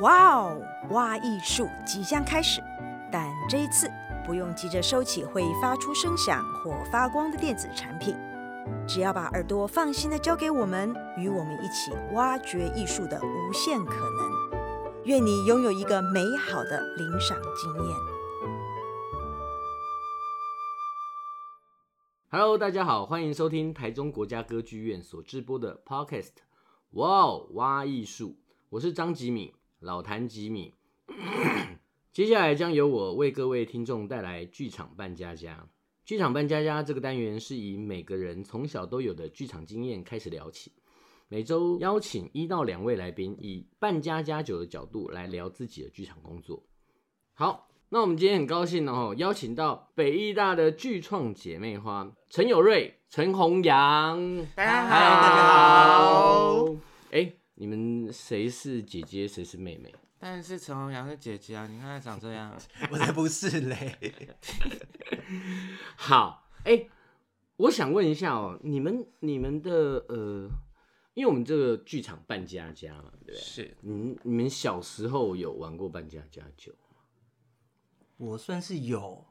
哇哦！Wow, 挖藝術即將開始，但這一次不用急着收起會發出聲響或發光的電子產品，只要把耳朵放心的交給我們，與我們一起挖掘藝術的無限可能。願你擁有一個美好的聆賞經驗。哈嘍，大家好，歡迎收聽台中國家歌劇院所制播的 Podcast、wow,。哇哦！挖藝術，我是張吉敏。老譚吉米咳咳，接下來將由我為各位聽眾帶來《劇場伴家家》。《劇場伴家家》這個單元是以每個人從小都有的劇場經驗開始聊起，每週邀請一到兩位來賓，以辦家家酒的角度來聊自己的劇場工作。好，那我們今天很高興的邀請到北藝大的劇創姐妹花陳有銳、陳弘洋，大家好，Hello. 大家好，欸你們誰是姐姐，誰是妹妹？但是陳弘洋是姐姐啊！你看她長這樣， 我才不是嘞。 好，哎、欸，我想問一下哦、喔，你們你們的呃，因為我們這個劇場伴家家嘛，對不對？是。你你們小時候有玩過辦家家酒嗎？我算是有。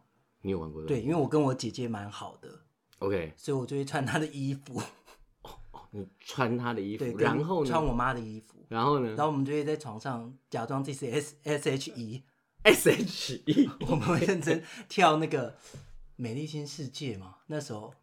你有玩過。對，因為我跟我姐姐蠻好的。OK。所以我就會穿她的衣服。你穿她的衣服，然後穿我媽的衣服，然後呢？然後我們就會在床上假裝這是 S, S.H.E，S.H.E，我們會認真跳那個《美麗新世界》嘛？那時候，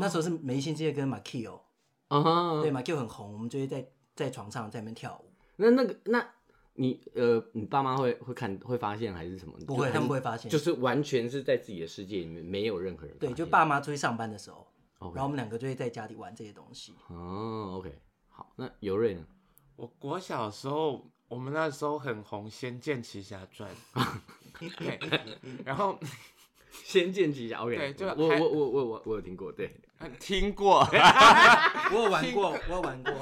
那時候是《美麗新世界》跟 Makiyo 哦。對，Makiyo 很紅。我們就會在在床上在那邊跳舞。那那個，那你呃，你爸媽會會看會發現還是什麼？不會，他們不會發現，就是完全是在自己的世界裡面，沒有任何人。對，就爸媽出去上班的時候。Okay. 然後我們兩個就會在家裡玩這些東西。哦、oh,，OK，好，那有銳呢？我我國小的時候，我們那時候很紅仙《仙劍奇俠傳》，對，然後《 仙劍奇俠》，OK，對、嗯、我我我我我我有聽過，對，聽過， 我有玩過，我有玩過。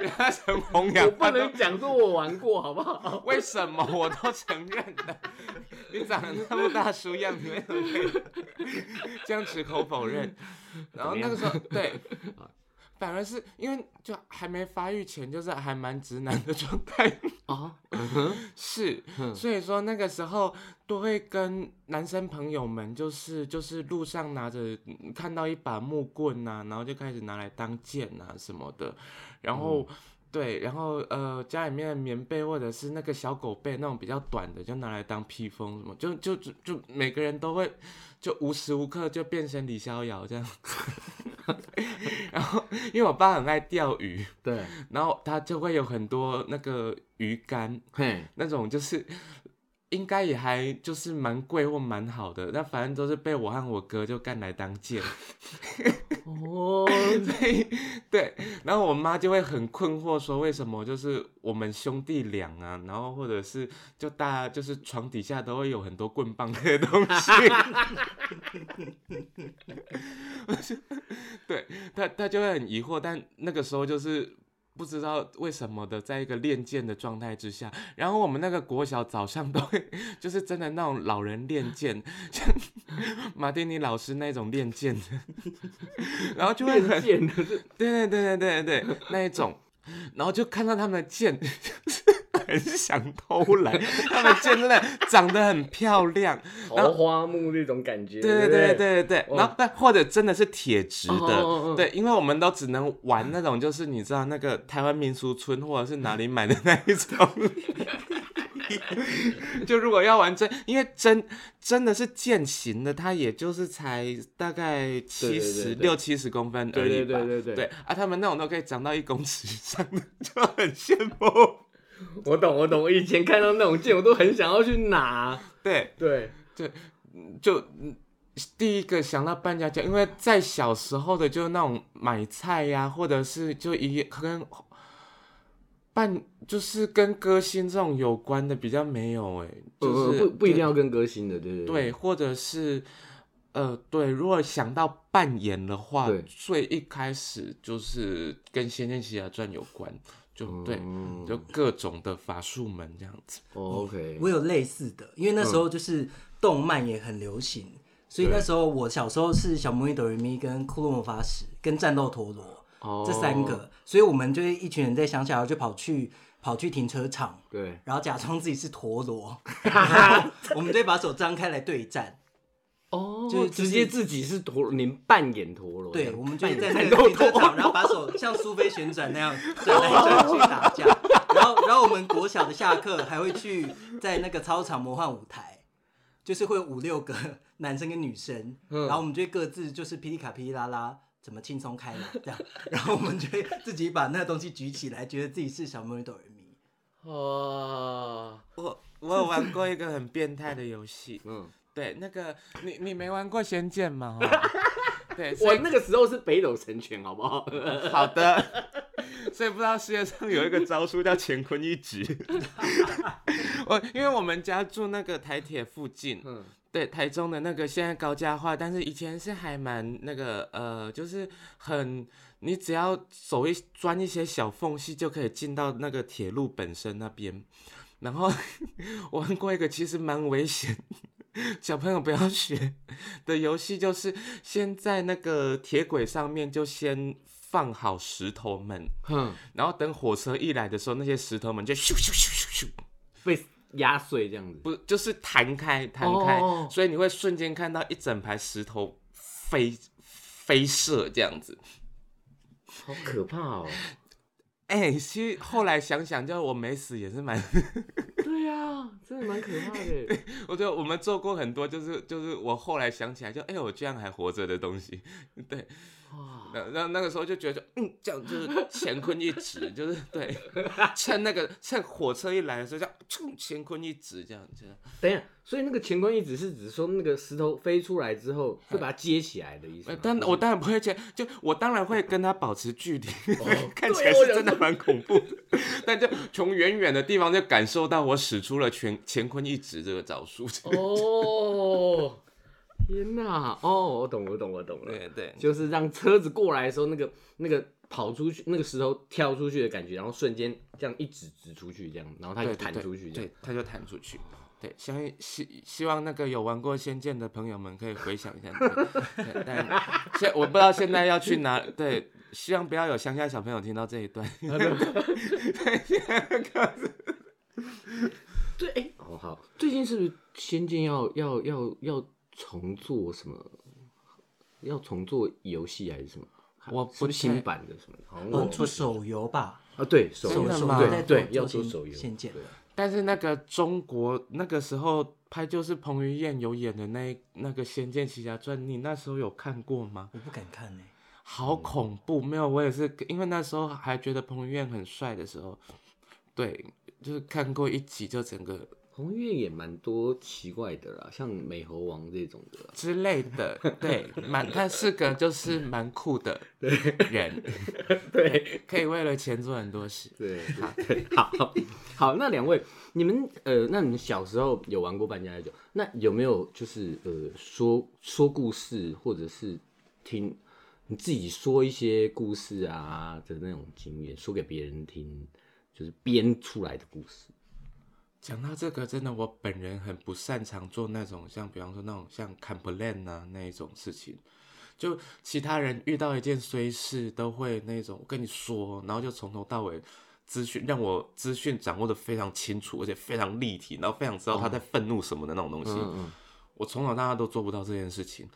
人家陳弘洋，我不能講說我玩過，好不好？為什麼我都承認了？你長得那麼大叔樣，你怎麼這樣矢口否認？然後那個時候對。 反而是因為就還沒發育前，就是還蠻直男的狀態啊，嗯、 是，哼所以說那個時候都會跟男生朋友們，就是就是路上拿着看到一把木棍吶、啊，然後就開始拿來當劍啊什麼的，然後、嗯。對，然後呃，家裡面的棉被或者是那個小狗被那種比較短的，就拿來當披風什麼，就就就就每個人都會，就無時無刻就變成李逍遙這樣。然 後 因為我爸很愛釣魚，對，然後他就會有很多那個魚竿，嘿，那種就是。應該也還就是蠻貴或蠻好的，那反正都是被我和我哥就幹來當劍。哦 oh.，對對，然後我媽就會很困惑，說為什麼就是我們兄弟倆啊，然後或者是就大家就是床底下都會有很多棍棒那些東西。哈哈哈哈哈！對，她她就會很疑惑，但那個時候就是。不知道為什麼的，在一個練劍的狀態之下，然後我們那個國小早上都會，就是真的那種老人練劍，像馬丁尼老師那種練劍的，然後就會很，對對對對對對，那一種，然後就看到他們的劍。很想偷懶，他們真的長得很漂亮，桃花木那種感覺。對對對對，然後或者真的是鐵質的，對，因為我們都只能玩那種，就是你知道那個台灣民俗村或者是哪裡買的那一種。就如果要玩真，因為真真的是劍型的，它也就是才大概七十六七十公分而已吧。對對對對對，啊，他們那種都可以長到一公尺以上，就很羨慕。我懂，我懂。我以前看到那種劍，我都很想要去拿。對對 對，對就，就第一個想到扮家家，因為在小時候的就是那種買菜呀、啊，或者是就一跟扮就是跟歌星這種有關的比較沒有哎、嗯嗯，就是不不一定要跟歌星的，對對對，或者是呃對，如果想到扮演的話，最對一開始就是跟《仙劍奇俠傳》有關。就對，就各種的法術門這樣子。Oh, OK，我有類似的，因為那時候就是動漫也很流行，嗯、所以那時候我小時候是小魔女哆瑞咪、跟庫洛魔法使跟戰鬥陀螺、oh. 這三個，所以我們就是一群人在想起來就跑去跑去停車場，對，然後假裝自己是陀螺， 我們就把手張開來對戰。哦，oh, 就是直接自己是陀螺，你扮演陀螺。對，我們就也在那個、停車場，然後把手像蘇菲旋轉那樣，轉來轉去打架。 然後，然後我們國小的下課還會去在那個操場魔幻舞台，就是會有五六個男生跟女生，嗯、然後我們就各自就是噼里卡噼里拉拉，怎麼輕鬆開朗這樣。然後我們就會自己把那個東西舉起來，覺得自己是小魔女哆瑞咪。哦、oh,，我我有玩過一個很變態的遊戲， 嗯。對，那個你你沒玩過仙劍嗎？ 對，我那個時候是北斗神拳，好不好？ 好的。 所以不知道世界上有一個招數叫乾坤一指。我 因為我們家住那個台鐵附近，嗯、對，台中的那個現在高架化，但是以前是還蠻那個呃，就是很你只要走一鑽一些小縫隙就可以進到那個鐵路本身那邊。然後 玩過一個，其實蠻危險。小朋友不要學的遊戲，就是先在那個鐵軌上面就先放好石頭們，哼然後等火車一來的時候，那些石頭們就咻咻咻咻咻咻被壓碎，這樣子，不就是彈開彈開，開哦，所以你會瞬間看到一整排石頭飛飛射這樣子，好可怕哦。哎，其實、欸、後來想想，就我沒死也是蠻 ……對呀、啊，真的蠻可怕的。我覺得我們做過很多，就是就是我後來想起來就，就哎，我居然還活着的東西，對。那那那個時候就覺得就，嗯，這樣就是乾坤一指， 就是對，趁那個趁火車一來的時候，這樣，衝，乾坤一指這樣這樣。這樣。等一下，所以那個乾坤一指是指說那個石頭飛出來之後，會把它接起來的意思。但我當然不會接，就我當然會跟他保持距離。 哦，看起來是真的蠻恐怖的，但就從遠遠的地方就感受到我使出了全乾，乾坤一指這個招數。哦。天吶！哦，我懂，我懂，我懂了。對對，對就是讓車子過來的時候，那個那個跑出去，那個石頭跳出去的感覺，然後瞬間這樣一直直出去，這樣，然後他就彈出去對對對，對，他就彈出去。對，希希希望那個有玩過《仙劍》的朋友們可以回想一下。對 對但現我不知道現在要去哪，對，希望不要有鄉下小朋友聽到這一段。對，欸、哦好，最近是《仙劍》要要要要。要重做什麼？要重做遊戲還是什麼？我不是新版的什麼？重做手遊吧？啊，對，手遊的嗎？對，對要做手遊《仙劍》，對啊。但是那個中國那個時候拍，就是彭於晏有演的那那個《仙劍奇俠傳》，你那時候有看過嗎？我不敢看嘞、欸，好恐怖！沒有，我也是因為那時候還覺得彭於晏很帥的時候，對，就是看過一集就整個。紅月也蠻多奇怪的啦，像美猴王這種的啦之類的，對，蠻他是個就是蠻酷的 對人， 對，可以為了錢做很多事，對，好對，好好好，那兩位，你們呃，那你們小時候有玩過扮家家酒？那有沒有就是呃，說說故事，或者是聽你自己說一些故事啊的那種經驗，說給別人聽，就是編出來的故事。講到這個，真的我本人很不擅長做那種像，比方說那種像 complain 啊，那種事情，就其他人遇到一件衰事都會那種，我跟你說，然後就從頭到尾資訊讓我資訊掌握的非常清楚，而且非常立體，然後非常知道他在憤怒什麼的那種東西。我從小到大都做不到這件事情。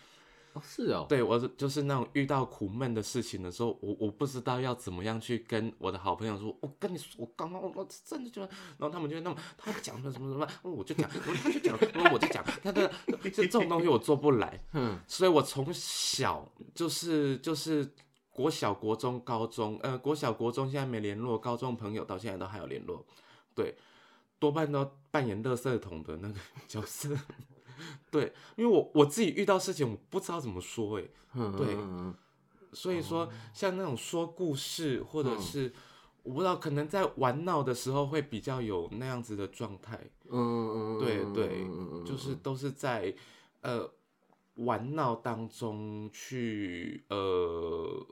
哦，是哦，對，我是就是那種遇到苦悶的事情的時候，我我不知道要怎麼樣去跟我的好朋友說。我跟你說，我剛剛我真的覺得，然後他們就那麼，他講什麼什麼什麼，我就講， 我就講， 我就講，他的這這種東西我做不來。 所以我從小就是就是國小、國中、高中，呃，國小、國中現在沒聯絡，高中朋友到現在都還有聯絡。對，多半都扮演垃圾桶的那個角色。 對，因為我我自己遇到事情，我不知道怎麼說，哎，對，嗯、所以說像那種說故事，或者是我不知道，可能在玩鬧的時候會比較有那樣子的狀態，嗯對對，就是都是在呃玩鬧當中去，呃，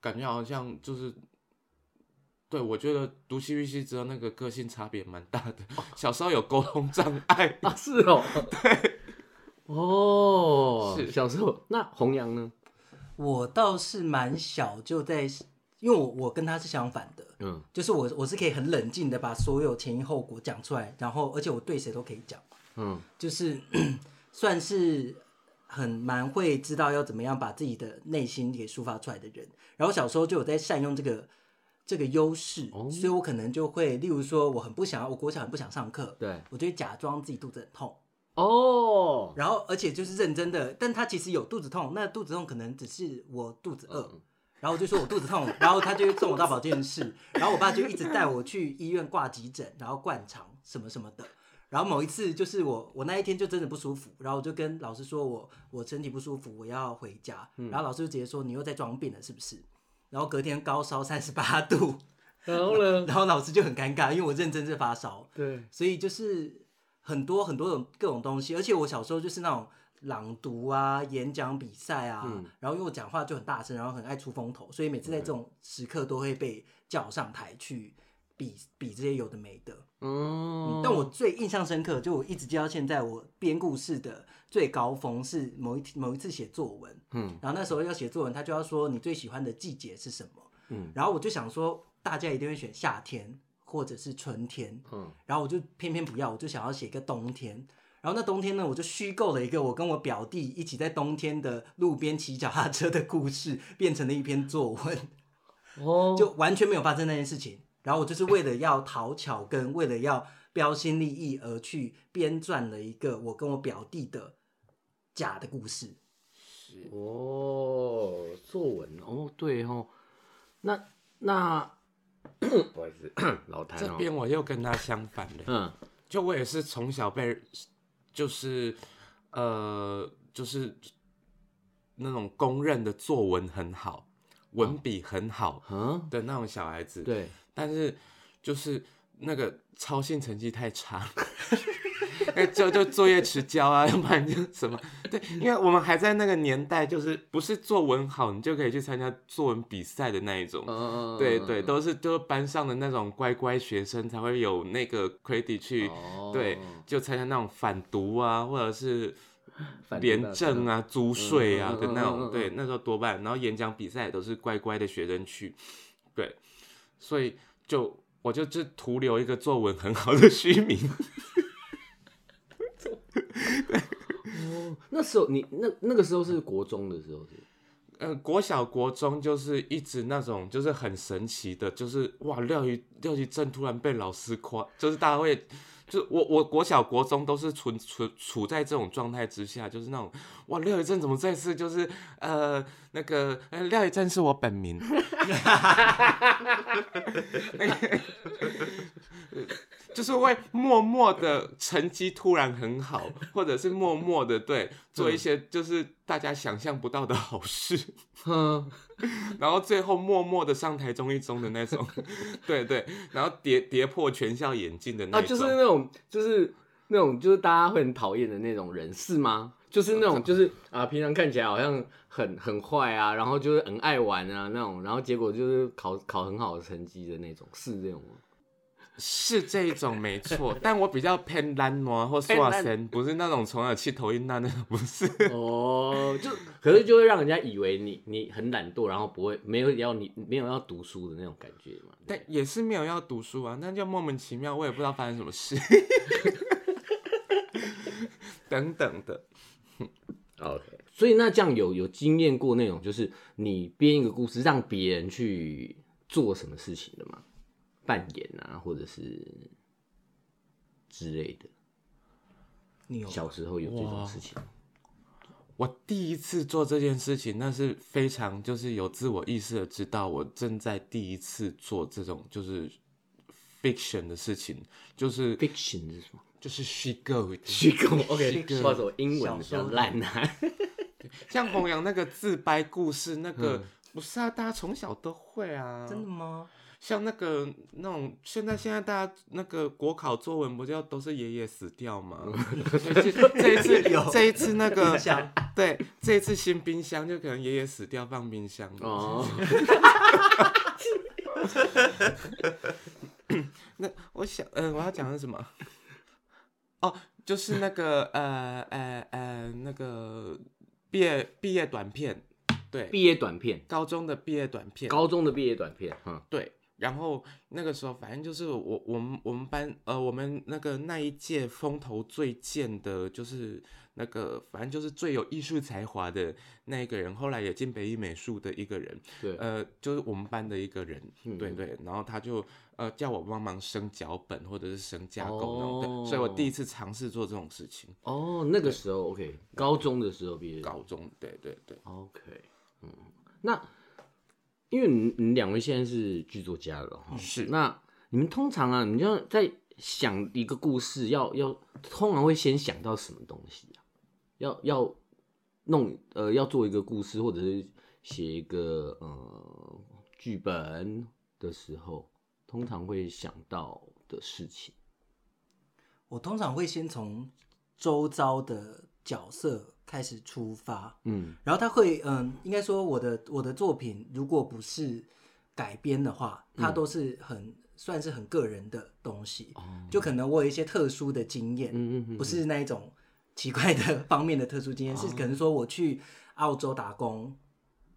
感覺好像就是。對，我覺得讀 CVC 之後，那個個性差別蠻大的。哦、小時候有溝通障礙啊，是哦，對，哦，是小時候。那弘洋呢？我倒是蠻小就在，因為我我跟他是相反的，嗯，就是我我是可以很冷靜的把所有前因後果講出來，然後而且我對誰都可以講，嗯，就是算是很蠻會知道要怎麼樣把自己的內心給抒發出來的人。然後小時候就有在善用這個。這個優勢，oh? 所以我可能就會，例如說，我很不想要，我國小很不想上課，對我就會假裝自己肚子很痛哦，oh! 然後而且就是認真的，但他其實有肚子痛，那肚子痛可能只是我肚子餓，oh. 然後我就說我肚子痛， 然後他就送我到保健室， 然後我爸就一直帶我去醫院掛急診，然後灌腸什麼什麼的，然後某一次就是我我那一天就真的不舒服，然後我就跟老師說我我身體不舒服，我要回家，嗯，然後老師就直接說你又在裝病了，是不是？然後隔天高燒三十八度，了然後呢？然後老師就很尷尬，因為我認真在發燒，對，所以就是很多很多種各種東西，而且我小時候就是那種朗讀啊、演講比賽啊，嗯、然後因為我講話就很大聲，然後很愛出風頭，所以每次在這種時刻都會被叫上台去。比比這些有的沒的，嗯，但我最印象深刻，就我一直記到現在。我編故事的最高峰是某一天某一次寫作文，嗯，然後那時候要寫作文，他就要說你最喜歡的季節是什麼，嗯，然後我就想說，大家一定會選夏天或者是春天，嗯，然後我就偏偏不要，我就想要寫一個冬天。然後那冬天呢，我就虛構了一個我跟我表弟一起在冬天的路邊騎腳踏車的故事，變成了一篇作文，哦， 就完全沒有發生那件事情。然後我就是為了要討巧跟為了要標新立異而去編撰了一個我跟我表弟的假的故事。是哦，作文哦，對哦。那那，那 不好意思，老譚、哦、這邊我又跟他相反了。嗯，就我也是從小被，就是，呃，就是那種公認的作文很好，哦、文筆很好啊的那種小孩子。嗯、對。但是，就是那個操行成績太差，哎，就就作業遲交啊，要不然就什麼？對，因為我們還在那個年代，就是不是作文好，你就可以去參加作文比賽的那一種。Oh、對對，都是就是班上的那種乖乖學生才會有那個 credit 去，oh、對，就參加那種反毒啊，或者是廉政啊、租稅啊的、oh、那種。對，oh、那時候多半，然後演講比賽也都是乖乖的學生去，對。所以就我就就徒留一個作文很好的虛名。 那時候你那那個時候是國中的時候是？嗯、呃，國小國中就是一直那種就是很神奇的，就是哇，廖玉，廖玉正突然被老師誇，就是大家會。就我我國小國中都是處處處在這種狀態之下，就是那種哇，廖一正怎麼這次就是呃，那個呃，廖一正是我本名。 就是會默默的成績突然很好， 或者是默默的對做一些就是大家想象不到的好事，嗯， 然後最後默默的上台中一中的那種， 對對，然後跌跌破全校眼鏡的那種。啊，就是那種，就是那種，就是大家會很討厭的那種人是嗎？就是那種，就是 啊，平常看起來好像很很壞啊，然後就是很愛玩啊那種，然後結果就是考考很好的成績的那種，是這種嗎？啊？是這一種沒錯， 但我比較偏懶惰或耍身 不是那種從耳氣頭暈的、啊、那種，不是、oh, 就。哦，就可是就會讓人家以為你你很懶惰，然後不會沒有要你沒有要讀書的那種感覺嘛。但也是沒有要讀書啊，那就莫名其妙，我也不知道發生什麼事。 等等的，OK。所以那這樣有有經驗過那種，就是你編一個故事讓別人去做什麼事情的嗎？扮演啊，或者是之類的。你有小時候有這種事情？我第一次做這件事情，那是非常就是有自我意識的，知道我正在第一次做這種就是 fiction 的事情。就是 fiction 是什麼？就是虛構，虛構，OK。什我英文的爛、啊、小說？爛 像弘洋那個自白故事，那個不是啊， 大家從小都會啊。真的嗎？像那個那種，現在現在大家那個國考作文不就都是爺爺死掉嗎？ 這一次 有，這一次那個對，這一次新冰箱就可能爺爺死掉放冰箱哦。那我想，嗯、呃，我要講的是什麼？哦，就是那個 呃呃呃，那個畢業畢業短片，對，畢業短片，高中的畢業短片，高中的畢業短片，嗯，對。然後那個時候，反正就是我我們我們班，呃，我們那個那一屆風頭最健的，就是那個反正就是最有藝術才華的那一個人，後來也進北藝美術的一個人，對，呃，就是我們班的一個人，嗯、對對。然後他就呃叫我幫忙升腳本或者是升架構那種，哦、所以我第一次嘗試做這種事情。哦，那個時候對 OK，高中的時候畢業，高中，對對對，OK，嗯，那。因為你們，你們兩位現在是劇作家了哈，是。那你們通常啊，你就在想一個故事要，要要通常會先想到什麼東西啊？要要弄呃，要做一個故事或者是寫一個呃劇本的時候，通常會想到的事情。我通常會先從周遭的角色。開始出發，嗯，然後他會，嗯，應該說我的我的作品如果不是改編的話，它都是很算是很個人的東西，就可能我有一些特殊的經驗，不是那一種奇怪的方面的特殊經驗，是可能說我去澳洲打工，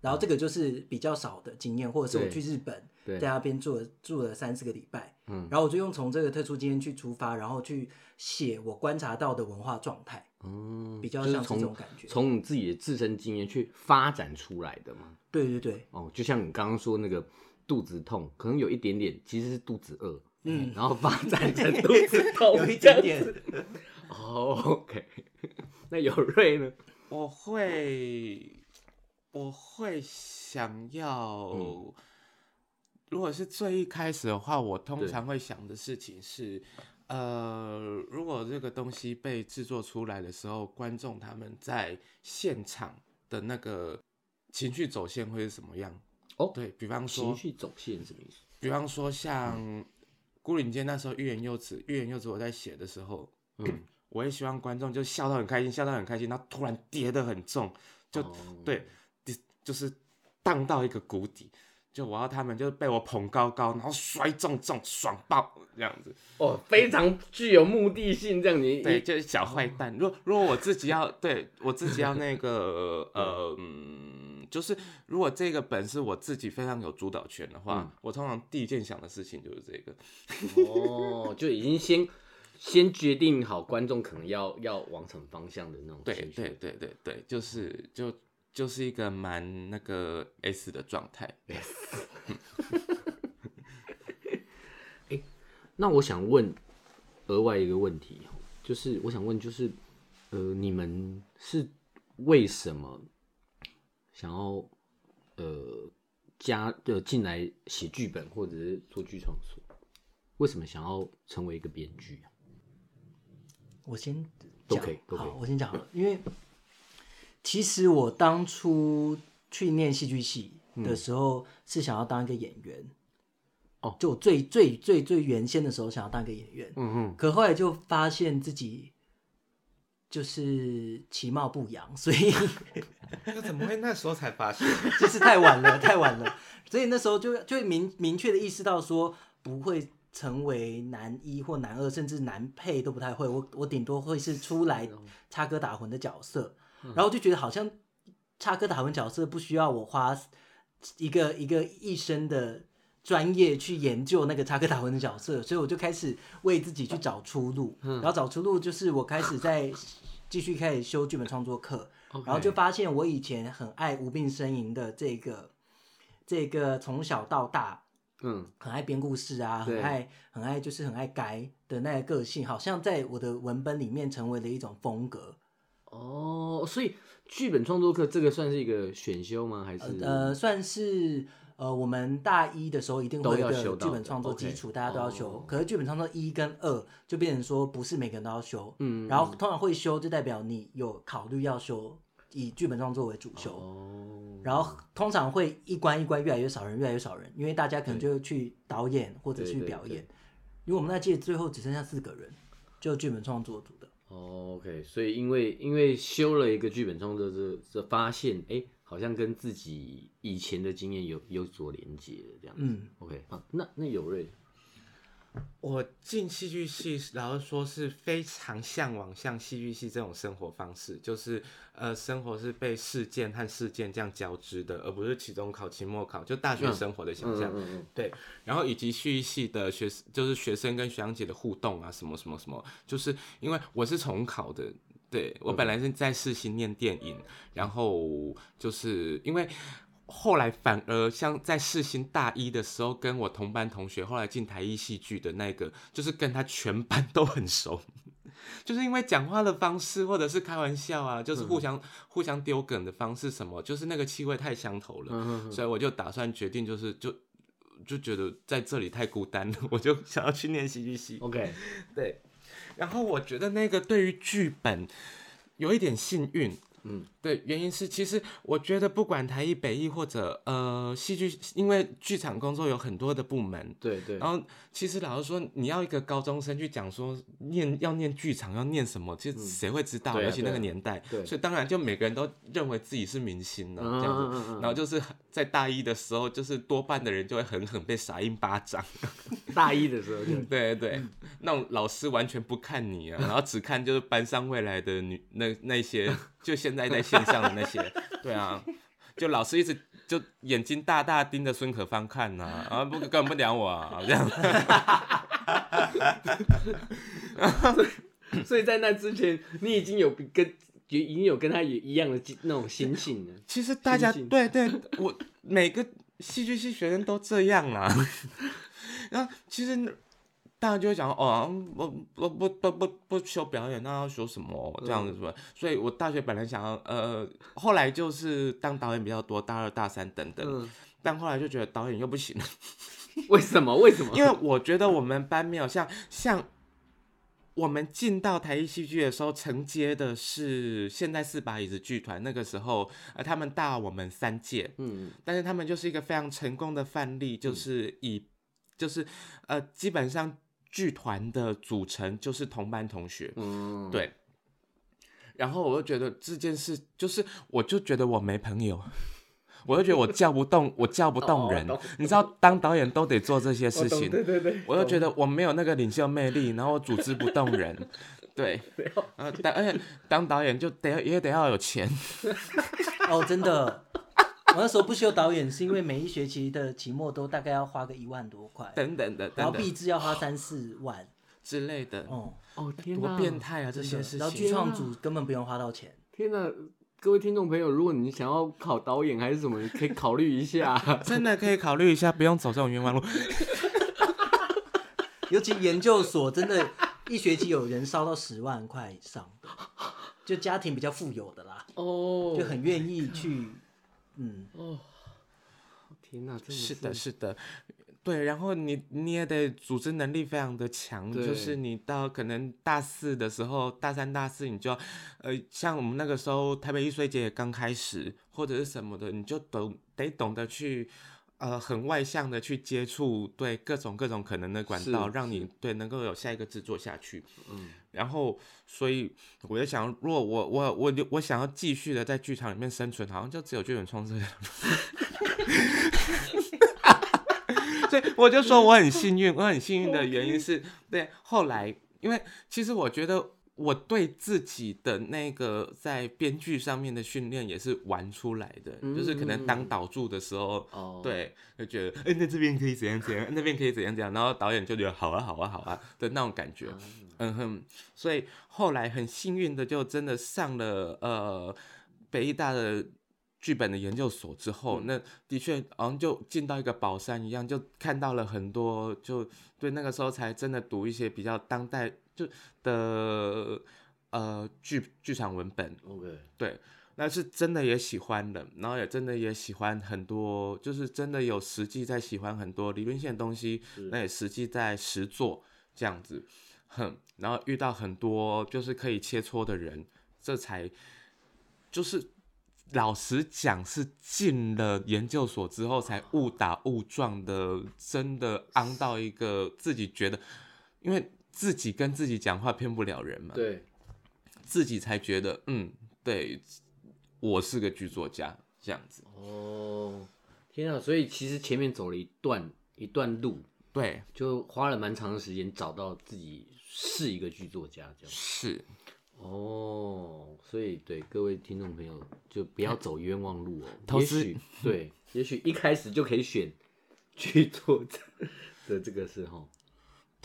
然後這個就是比較少的經驗，或者是我去日本在那邊住了住了三四個禮拜，然後我就用從這個特殊經驗去出發，然後去寫我觀察到的文化狀態。嗯，比較像是就是從從你自己的自身經驗去發展出來的嘛。嗯、對對對，哦，就像你剛剛說那個肚子痛，可能有一點點，其實是肚子餓，嗯，嗯，然後發展成肚子痛這樣子，有一點點。 oh, OK， 那有銳呢？我會，我會想要，嗯、如果是最一開始的話，我通常會想的事情是。呃，如果這個東西被製作出來的時候，觀眾他們在現場的那個情緒走線會是什麼樣？哦，對，比方說，情緒走線是什麼意思？比方說像《嗯、孤林間那時候欲言又止，欲言又止，我在寫的時候，嗯，我也希望觀眾就笑到很開心，笑到很開心，然後突然跌得很重，就、嗯、對，跌就是盪到一個谷底。就我要他們就是被我捧高高，然後摔重重，爽爆這樣子哦，非常具有目的性。這樣子。嗯、對，就是小壞蛋。哦、如果如果我自己要 對，我自己要那個呃、嗯，就是如果這個本是我自己非常有主導權的話，嗯、我通常第一件想的事情就是這個哦，就已經先 先決定好觀眾可能要要往什麼方向的那種區區對對對對對，就是就。就是一個蠻那個 S 的狀態 S，, S. 欸、那我想問額外一個問題，就是我想問，就是呃，你們是為什麼想要呃加就進來寫劇本或者是做劇創所？為什麼想要成為一個編劇、啊、我先都可 Okay, okay. 好，我先講了， 因為。其實我當初去念戲劇系的時候，是想要當一個演員。哦、嗯，就最最最最原先的時候想要當一個演員。嗯哼可後來就發現自己就是其貌不揚，所以那怎麼會那時候才發現？ 就是太晚了，太晚了。所以那時候就就明明確的意識到說，不會成為男一或男二，甚至男配都不太會。我我頂多會是出來插科打諢的角色。然後就覺得好像插科打諢角色不需要我花一個一個一生的專業去研究那個插科打諢的角色，所以我就開始為自己去找出路。然後找出路就是我開始在繼續開始修劇本創作課，然後就發現我以前很愛無病呻吟的這個這個從小到大嗯，很愛編故事啊，很愛很愛就是很愛改的那個個性，好像在我的文本裡面成為了一種風格。哦，oh, 所以劇本創作課這個算是一個選修嗎？還是呃，算是呃，我們大一的時候一定會有一個劇本創作基礎，大家都要修。Okay. Oh. 可是劇本創作一跟二就變成說不是每個人都要修。嗯，然後通常會修就代表你有考慮要修以劇本創作為主修。哦，oh. 然後通常會一關一關越來越少人，越來越少人，因為大家可能就去導演或者去表演。因為我們那屆最後只剩下四個人，就劇本創作組的。O.K. 所以因為因為修了一個劇本創作，這、就、這、是就是、發現，哎、欸，好像跟自己以前的經驗有有所連接的這樣子。嗯、O.K. 好、啊，那那有銳。我進戲劇系，然後說是非常向往像戲劇系這種生活方式，就是呃，生活是被事件和事件這樣交織的，而不是期中考、期末考，就大學生活的想象。嗯、對，嗯嗯嗯，然後以及戲劇系的學，就是學生跟學長姐的互動啊，什麼什麼什麼，就是因為我是重考的，對，我本來是在世新念電影，嗯嗯，然後就是因為。後來反而像在世新大一的時候，跟我同班同學，後來進台藝戲劇的那個，就是跟他全班都很熟，就是因為講話的方式或者是開玩笑啊，就是互相、嗯、哼互相丟梗的方式什麼，就是那個氣味太相投了，嗯、哼哼，所以我就打算決定、就是，就是就就覺得在這裡太孤單了，我就想要去念戲劇系。OK，對。然後我覺得那個對於劇本有一點幸運。嗯，對，原因是其實我覺得不管台藝、北藝或者呃戲劇，因為劇場工作有很多的部門，對對。然後其實老實說，你要一個高中生去講說念要念劇場要念什麼，其實誰會知道？而且、嗯、那個年代，對啊對啊、對所以當然就每個人都認為自己是明星了、嗯、這樣子。嗯、然後就是在大一的時候，就是多半的人就會狠狠被撒一巴掌。大一的時候就 對對，那種老師完全不看你啊， 然後只看就是班上未來的女那那些。 就現在在線上的那些， 對啊，就老師一直就眼睛大大盯着孫可芳看啊。啊，不根本不鳥我、啊、這樣子， 所以，在那之前，你已經有跟已經有跟他也一樣的那種心情了。其實大家情對對，我每個戲劇系學生都這樣啊，然 後、啊、其實。這樣就會講哦，不不不不不不修表演，那要修什麼？這樣子是吧？嗯、所以我大學本來想要呃，後來就是當導演比較多，大二大三等等。嗯、但後來就覺得導演又不行了。為什麼？為什麼？因為我覺得我們班沒有像像我們進到台藝戲劇的時候承接的是現在四把椅子劇團，那個時候呃，他們大我們三屆，嗯，但是他們就是一個非常成功的範例，就是以、嗯、就是呃，基本上。劇團的組成就是同班同學，嗯，對。然後我就覺得這件事，就是我就覺得我沒朋友，我就覺得我叫不動，我叫不動人。哦、你知道，當導演都得做這些事情，哦、對對對。我就覺得我沒有那個領袖魅力，懂然後我組織不動人， 對。而且、哎、當導演就得也得要有錢。 哦，真的。 我那時候不修導演，是因為每一學期的期末都大概要花個一萬多塊，等等的，然後畢制要花三四萬，哦、之類的。哦哦、嗯，天哪，多變態啊！這件些、啊、事，然後劇創組根本不用花到錢。天哪、啊啊，各位聽眾朋友，如果你想要考導演還是什麼，你可以考慮一下。 真的可以考慮一下，不用走這種冤枉路。 尤其研究所真的，一學期有人燒到十萬塊以上，就家庭比較富有的啦。哦，oh, 就很願意去。嗯哦，天哪、啊！真的是，是的，是的，對。然後你你也得組織能力非常的強，對就是你到可能大四的時候，大三、大四你就要，呃，像我們那個時候，台北藝術節也剛開始或者是什麼的，你就懂得，得懂得去。呃，很外向的去接觸，對各種各種可能的管道，讓你對能夠有下一個制作下去。嗯，然後所以我就想，如果我我我我想要繼續的在劇場裡面生存，好像就只有劇本創作。所以我就說我很幸運， 我很幸運的原因是，Okay. 對後來，因為其實我覺得。我對自己的那個在編劇上面的訓練也是玩出來的，嗯、就是可能當導助的時候，嗯、對、嗯、就覺得哎、欸，那這邊可以怎樣怎樣， 那邊可以怎樣怎樣，然後導演就覺得好啊好啊好啊的那種感覺，嗯哼，嗯，所以後來很幸運的就真的上了呃北藝大的劇本的研究所之後，嗯，那的確好像就進到一個寶山一樣，就看到了很多，就對那個時候才真的讀一些比較當代。就的呃劇劇場文本，OK，對，那是真的也喜歡的，然後也真的也喜歡很多，就是真的有實際在喜歡很多理論性的東西，是那也實際在實作這樣子，哼，然後遇到很多就是可以切磋的人，這才就是老實講是進了研究所之後才誤打誤撞的，真的昂到一個自己覺得，因為。自己跟自己講話騙不了人嘛，對，自己才覺得嗯，對，我是個劇作家這樣子。哦，天啊，所以其實前面走了一段一段路，對，就花了蠻長的時間找到自己是一個劇作家這樣。是，哦，所以對各位聽眾朋友就不要走冤枉路哦， 也許許 對，也許一開始就可以選劇作家的這個時候。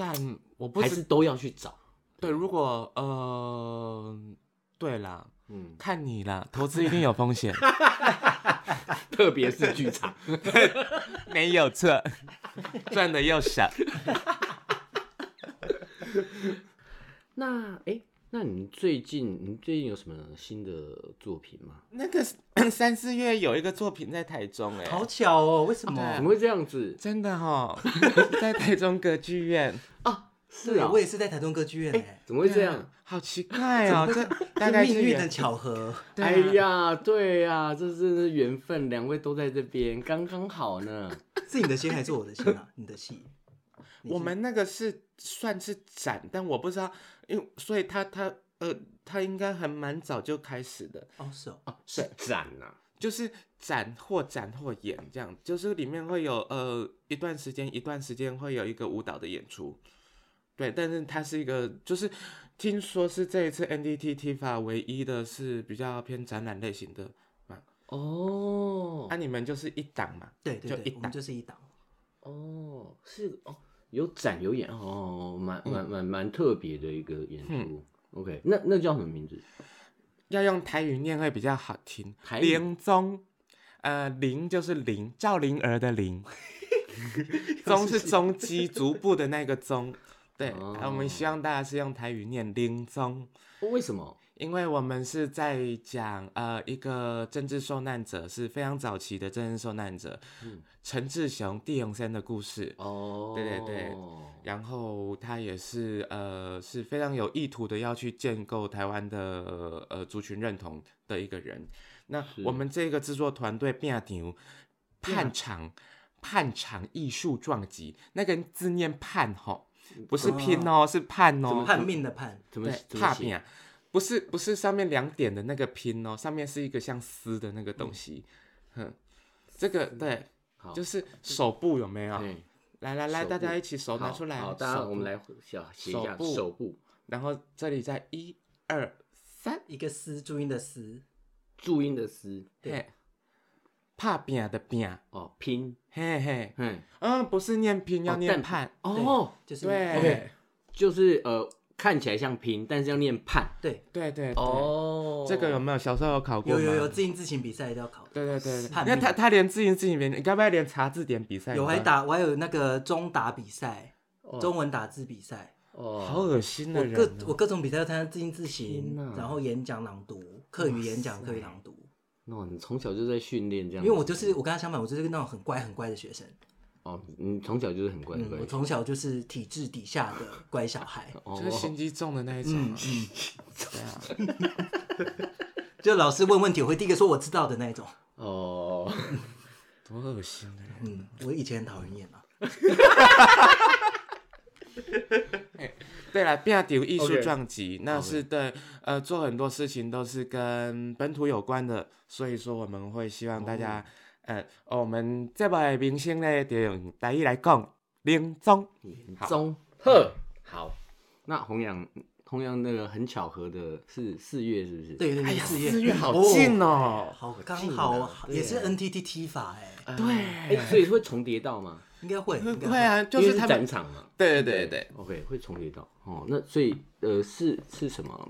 但我不是還是都要去找，對，如果呃，對啦、嗯、看你啦。投資一定有風險， 特別是劇場， 沒有錯錯，賺 的又少， 那哎。誒那你最近，你最近有什麼新的作品嗎？那個三四月有一個作品在台中，哎，好巧哦！為什麼？怎麼會這樣子？真的哈，在台中歌劇院啊，是啊，我也是在台中歌劇院，哎，怎麼會這樣？好奇怪啊。這命運的巧合。哎呀，對呀，這是緣分，兩位都在這邊，剛剛好呢。是你的戲，還是我的戲？啊？你的戲。我們那個是算是展，但我不知道，因為所以他他呃他應該還蠻早就開始的哦。是哦，啊是展呐、啊，就是展或展或演這樣，就是裡面會有呃一段時間一段時間會有一個舞蹈的演出，對，但是它是一個就是聽說是這一次 NDT TIFA 唯一的是比較偏展覽類型的。哦，那、oh. 啊、你們就是一檔嘛？對對對，就一檔我們就是一檔哦、oh, 是哦。Oh. 有展有演哦，蠻蠻蠻蠻特別的一個演出。嗯、OK，那那叫什麼名字？要用台語念會比較好聽。靈語蹤，呃，靈就是靈，趙靈兒的靈。 蹤是蹤跡，足部 的那個蹤。對，哦、我們希望大家是用台語念靈蹤、哦。為什麼？因為我們是在講呃一個政治受難者，是非常早期的政治受難者，嗯、陳志雄、地勇生的故事。哦，對對對。然後他也是呃是非常有意圖的要去建構台灣的呃族群認同的一個人。那我們這個製作團隊變啊牛，叛場、叛場藝術撞擊，那個字念叛吼，不是拼哦，是叛哦，叛命的叛，對對怎麼命。變？不是不是上面兩點的那個拼哦，上面是一個像絲的那個東西，哼，這個對，就是手部有沒有？來來來，大家一起手拿出來，好，大家我們來寫一下手部，然後這裡再一二三，一個絲注音的絲，注音的絲，對，怕扁的扁哦拼，嘿嘿，嗯，不是念拼要念判哦，就是對，就是呃。看起來像拼，但是要念判。對對對，哦，這個有沒有？小時候有考過嗎？有有有，字音字形比賽都要考。對對對，因為他他連字音字形，你該不會連查字典比賽？有還打，還有那個中打比賽，中文打字比賽。哦，好噁心的人。各我各種比賽要參加字音字形，然後演講朗讀，課餘演講，課餘朗讀。那你從小就在訓練這樣？因為我就是我跟他相反，我就是那種很乖很乖的學生。哦，你從小就是很乖、嗯。我從小就是體制底下的乖小孩，嗯、小就是心機重的那一種。對就老師問問題，我會第一個說我知道的那一種。哦，多惡心的。嗯，我以前很討人厭嘛。 對了 Beyond 藝術撞擊 Okay. 那是對 Okay. 呃做很多事情都是跟本土有關的，所以說我們會希望大家。Oh. 我們這位明星呢，就帶伊來講，林宗。林宗。鶴，好。那弘洋，弘洋，那個很巧合的是四月，是不是？對對對，四月好近哦，好，剛好也是 N T T T 法哎，對，所以會重疊到嗎？應該會，會啊，就是他兩場嘛，對對對對，OK，會重疊到。哦，那所以，呃，是是什麼？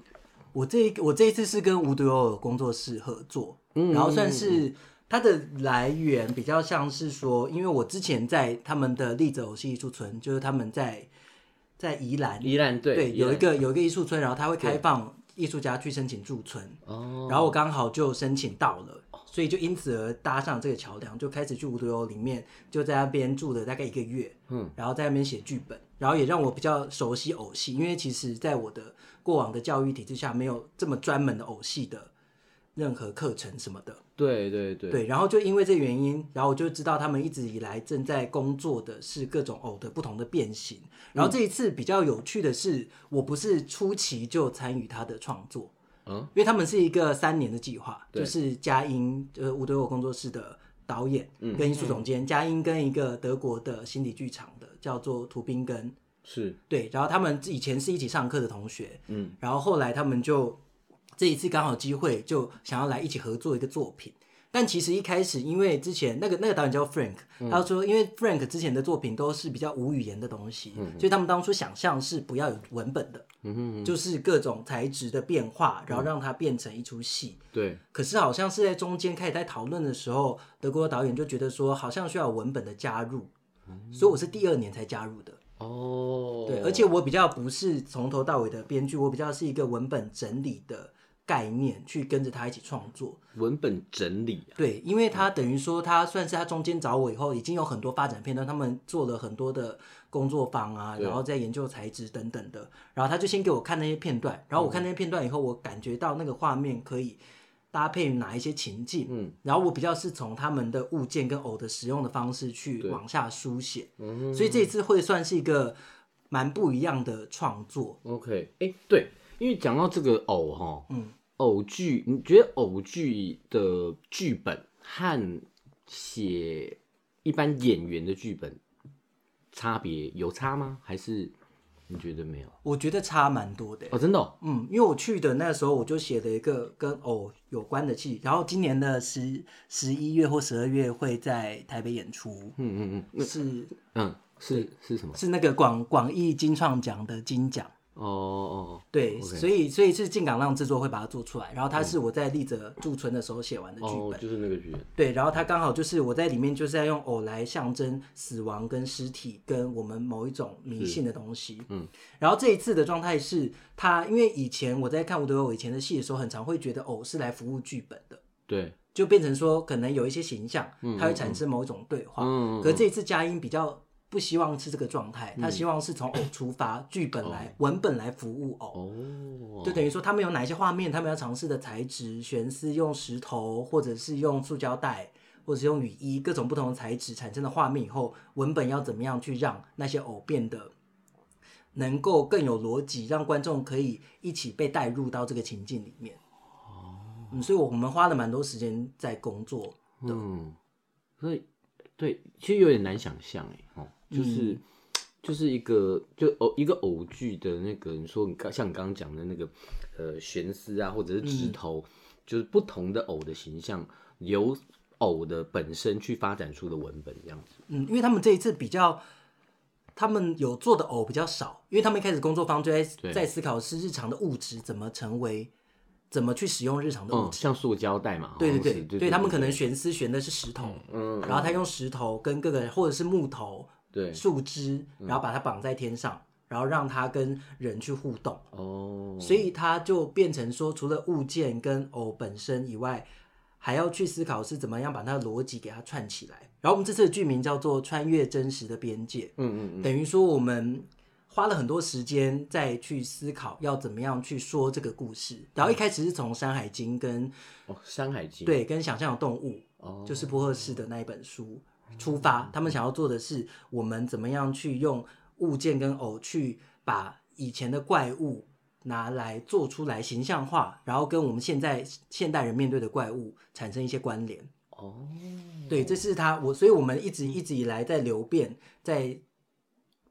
我這我這一次是跟無獨有偶工作室合作，嗯。然後算是。它的來源比較像是說，因為我之前在他們的利澤偶戲藝術村，就是他們在在宜蘭，宜蘭對，有一個有一個藝術村，然後他會開放藝術家去申請駐村，哦對，然後我剛好就申請到了，oh. 所以就因此而搭上這個橋樑，就開始去無獨有偶裡面，就在那邊住了大概一個月，嗯，然後在那邊寫劇本，然後也讓我比較熟悉偶戲，因為其實，在我的過往的教育體制下，沒有這麼專門的偶戲的。任何課程什麼的，對對對，對，然後就因為這原因，然後我就知道他們一直以來正在工作的是各種偶，哦、的不同的變形。然後這一次比較有趣的是，嗯、我不是初期就參與他的創作，嗯，因為他們是一個三年的計劃，對就是佳音，就是無獨有偶工作室的導演跟藝術總監，嗯嗯、佳音跟一個德國的心理劇場的叫做圖賓根，是，對，然後他們以前是一起上課的同學，嗯，然後後來他們就。這一次剛好機會，就想要來一起合作一個作品。但其實一開始，因為之前那個那個導演叫 Frank，、嗯、他說因為 Frank 之前的作品都是比較無語言的東西，嗯、哼所以他們當初想象是不要有文本的，嗯、哼哼就是各種材質的變化，嗯、然後讓它變成一出戲。嗯、對。可是好像是在中間開始在討論的時候，德國的導演就覺得說好像需要文本的加入，嗯、所以我是第二年才加入的。哦。對，而且我比較不是從頭到尾的編劇，我比較是一個文本整理的。概念去跟着他一起創作，文本整理、啊、對，因為他等於說他算是他中間找我以後，已經有很多發展片段，他們做了很多的工作坊啊，對然後在研究材質等等的，然後他就先給我看那些片段，然後我看那些片段以後，我感覺到那個畫面可以搭配哪一些情境，嗯，然後我比較是從他們的物件跟偶的使用的方式去往下書寫，嗯哼哼，所以這次會算是一個蠻不一樣的創作，OK，哎，對，因為講到這個偶哈，哦、嗯。偶劇，你覺得偶劇的劇本和寫一般演員的劇本差別有差嗎？還是你覺得沒有？我覺得差蠻多的哦，真的哦。嗯，因為我去的那時候，我就寫了一個跟偶有關的劇，然後今年的十十一月或十二月會在台北演出。嗯嗯是嗯，是，嗯是是什麼？是那個廣廣義金創獎的金獎。哦哦，oh, oh, oh, okay. 對，所以所以是進港浪制作會把它做出來，然後它是我在立澤駐村的時候寫完的劇本，就是那個劇本，對，然後它剛好就是我在裡面就是在用偶來象徵死亡跟屍體跟我們某一種迷信的東西，嗯，然後這一次的狀態是它，因為以前我在看我德友》以前的戲的時候，很常會覺得偶是來服務劇本的，對，就變成說可能有一些形象它會產生某一種對話，嗯嗯，可這一次佳音比較。不希望是這個狀態，嗯、他希望是從偶出發，劇 本來、oh. 文本來服務偶，oh. 就等於說他們有哪一些畫面，他們要嘗試的材質，懸絲用石頭，或者是用塑膠袋，或者是用雨衣，各種不同的材質產生的畫面以後，文本要怎麼樣去讓那些偶變得能夠更有邏輯，讓觀眾可以一起被帶入到這個情境裡面。Oh. 嗯、所以我們花了蠻多時間在工作的，嗯、所以。對，其實有點難想象哎，哦，就是，嗯、就是一個就偶一個偶劇的那個，你說你剛像你剛剛講的那個，呃，懸絲啊，或者是指頭，嗯、就是不同的偶的形象由偶的本身去發展出的文本這樣子。嗯，因為他們這一次比較，他們有做的偶比較少，因為他們一開始工作坊就在對在思考是日常的物質怎麼成為。怎麼去使用日常的，嗯、像塑膠袋嘛。對對對，對他們可能懸絲懸的是石頭，嗯，嗯然後他用石頭跟各個或者是木頭、對樹枝，然後把它綁在天上，嗯、然後讓它跟人去互動。哦，所以它就變成說，除了物件跟偶本身以外，還要去思考是怎麼樣把它的邏輯給它串起來。然後我們這次的劇名叫做《穿越真實的邊界》，嗯，嗯嗯，等於說我們，花了很多時間再去思考要怎麼樣去說這個故事，然後一開始是從《山海經》跟哦《山海經》對，跟想像的動物哦，就是波赫士的那一本書、嗯、出發，他們想要做的是我們怎麼樣去用物件跟偶去把以前的怪物拿來做出來形象化，然後跟我們現在現代人面對的怪物產生一些關聯哦，對，這是他我所以我們一直一直以來在流變在。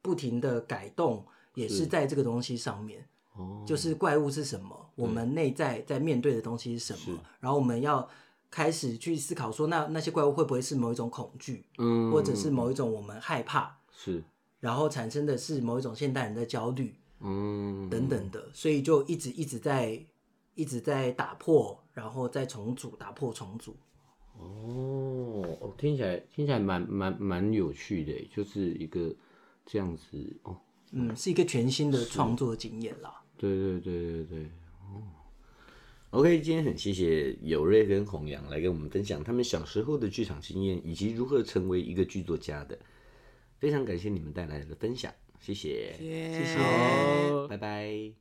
不停的改動也是在這個東西上面，哦，oh, 就是怪物是什麼，對我們內在在面對的東西是什麼，是然後我們要開始去思考說那，那那些怪物會不會是某一種恐懼，嗯，或者是某一種我們害怕，是，然後產生的是某一種現代人的焦慮，嗯，等等的，所以就一直一直在一直在打破，然後再重組，打破重組，哦，哦，聽起來聽起來蠻蠻蠻有趣的，就是一個。這樣子哦，嗯，是一個全新的創作經驗了。對對對對對，哦，OK，今天很謝謝有銳跟弘洋來跟我們分享他們小時候的劇場經驗，以及如何成為一個劇作家的，非常感謝你們帶來的分享，謝謝，謝謝，謝謝哦、拜拜。